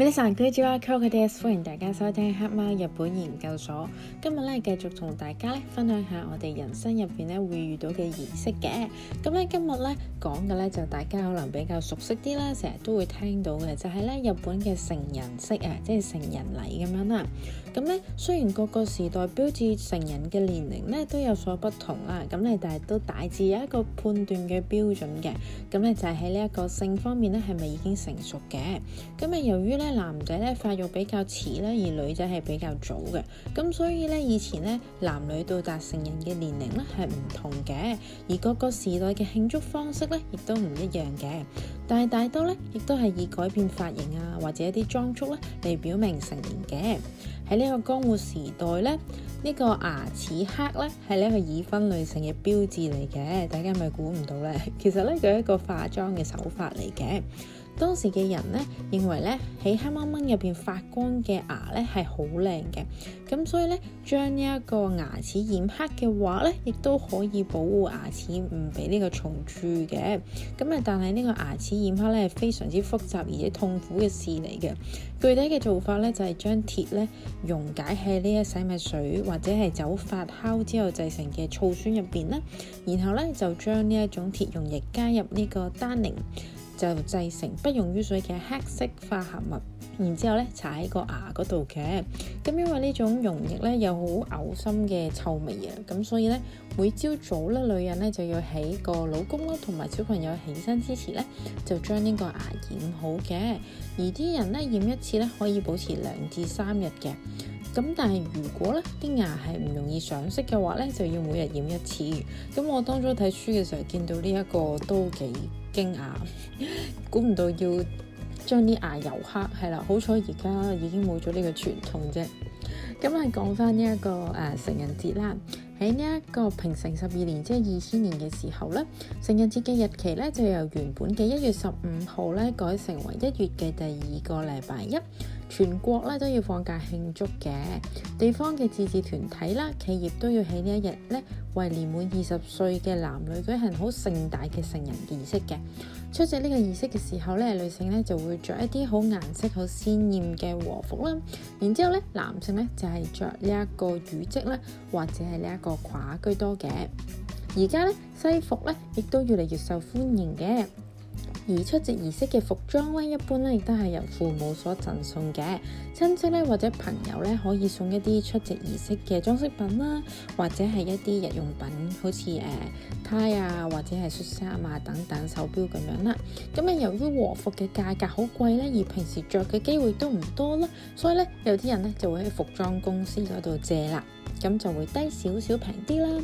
美食專家 Cocolades 歡迎大家收聽黑貓日本研究所。今日咧繼續同大家咧分享下我哋人生入邊咧會遇到嘅儀式嘅。咁、嗯、咧今日咧講嘅咧就大家可能比較熟悉啲啦，成日都會聽到嘅就係、是、咧日本嘅成人式啊，即係成人禮咁樣啦。咁、嗯、咧雖然各個時代標誌成人嘅年齡咧都有所不同啦，咁、嗯、咧但係都大致有一個判斷嘅標準嘅。咁、嗯、咧就係喺呢一個性方面咧係咪已經成熟嘅？咁、嗯、啊由於咧。男仔咧發育比較遲咧，而女仔係比較早嘅。咁所以咧，以前咧，男女到達成人嘅年齡咧係唔同嘅。而各個時代嘅慶祝方式咧，亦都唔一樣嘅。但係大多咧，亦都係以改變髮型啊，或者一啲裝束咧嚟，表明成年嘅。喺呢個江戶時代咧，呢、這個牙齒黑咧係呢一個已婚女性嘅標誌嚟嘅。大家係咪估唔到咧？其實咧，佢係一個化妝嘅手法嚟嘅。當時嘅人呢，認為呢喺黑掹掹入邊發光嘅牙呢係好靚嘅，咁所以呢將呢一個牙齒染黑嘅話呢，亦都可以保護牙齒唔俾呢個蟲蛀嘅。咁啊，但係呢個牙齒染黑呢，係非常之複雜而且痛苦嘅事嚟嘅。具體嘅做法呢，就係將鐵呢溶解喺呢一洗米水或者係酒發酵之後製成嘅醋酸入邊啦，然後呢就將呢一種鐵溶液加入呢個丹寧。就製成不溶於水嘅黑色化合物，然之後咧搽喺個牙嗰度嘅。咁因為呢種溶液咧有好嘔心嘅臭味啊，咁所以咧每朝早咧女人咧就要喺個老公啦同埋小朋友起身之前咧就將呢個牙染好嘅。而啲人咧染一次咧可以保持兩至三日嘅。咁但係如果咧啲牙係唔容易上色嘅話咧，就要每日染一次。咁我當初睇書嘅時候見到呢一個都幾驚訝，估唔到要將啲牙油黑。係啦，好彩而家已經冇咗呢個傳統啫。咁係講翻呢一個誒成人節啦。喺呢一個平成十二年即係二千年嘅時候咧，成人節嘅日期咧就由原本嘅一月十五號咧改成為一月嘅第二個禮拜一。全國咧都要放假慶祝嘅，地方嘅自治團體啦、企業都要喺呢一日咧為年滿二十歲嘅男女舉行好盛大嘅成人儀式嘅。出席呢個儀式嘅時候咧，女性咧就會着一啲好顏色好鮮豔嘅和服啦，然之後咧男性咧就係、是、着呢一個羽織咧或者係呢一個褂居多嘅。而家咧西服咧亦都越嚟越受歡迎嘅。而出席儀式嘅服裝咧，一般咧亦都係由父母所贈送嘅，親戚咧或者朋友咧可以送一啲出席儀式嘅裝飾品啦，或者係一啲日用品，好似誒呔啊，或者係恤衫啊等等，手錶咁樣啦。咁、嗯、啊，由於和服嘅價格好貴咧，而平時着嘅機會都唔多啦，所以咧有啲人咧就會喺服裝公司嗰度借啦，咁就會低少少平啲啦。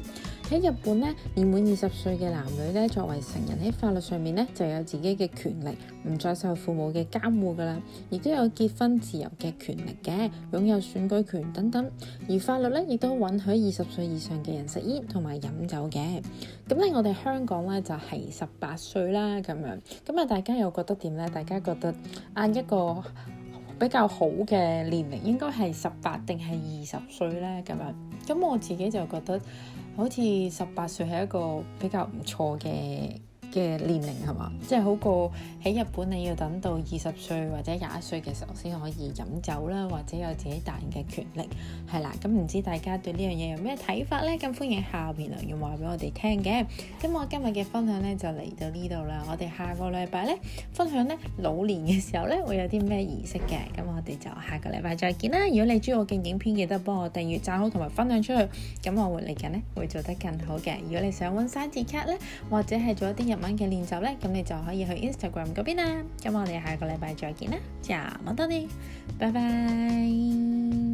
喺日本咧，年滿二十歲嘅男女咧，作為成人喺法律上面咧就有自己嘅權利，唔再受父母嘅監護噶啦，亦都有結婚自由嘅權利嘅，擁有選舉權等等。而法律咧亦都允許二十歲以上嘅人食煙同埋飲酒嘅。咁咧，我哋香港咧就係十八歲啦咁樣。咁啊，大家又覺得點咧？大家覺得啊一個比較好嘅年齡應該係十八定係二十歲咧？咁樣咁，我自己就覺得。好似十八歲係一個比較唔錯嘅。嘅年齡係嘛？即係好過喺日本，你要等到二十歲或者廿一歲嘅時候先可以飲酒啦，或者有自己大人嘅權力係啦。咁唔、嗯、知大家對呢樣嘢有咩睇法呢？咁歡迎下面留言話俾我哋聽嘅。咁我今日嘅分享呢就嚟到呢度啦。我哋下個禮拜呢，分享呢老年嘅時候呢會有啲咩儀式嘅。咁我哋就下個禮拜再見啦。如果你中意我嘅影片，記得幫我訂閱、讚好同埋分享出去，咁我會嚟緊呢會做得更好嘅。如果你想揾生字卡呢，或者係做一啲日。嘅練習咧，咁你就可以去 Instagram 嗰邊啦。咁我哋下個禮拜再見啦，じゃあ，またね，拜拜。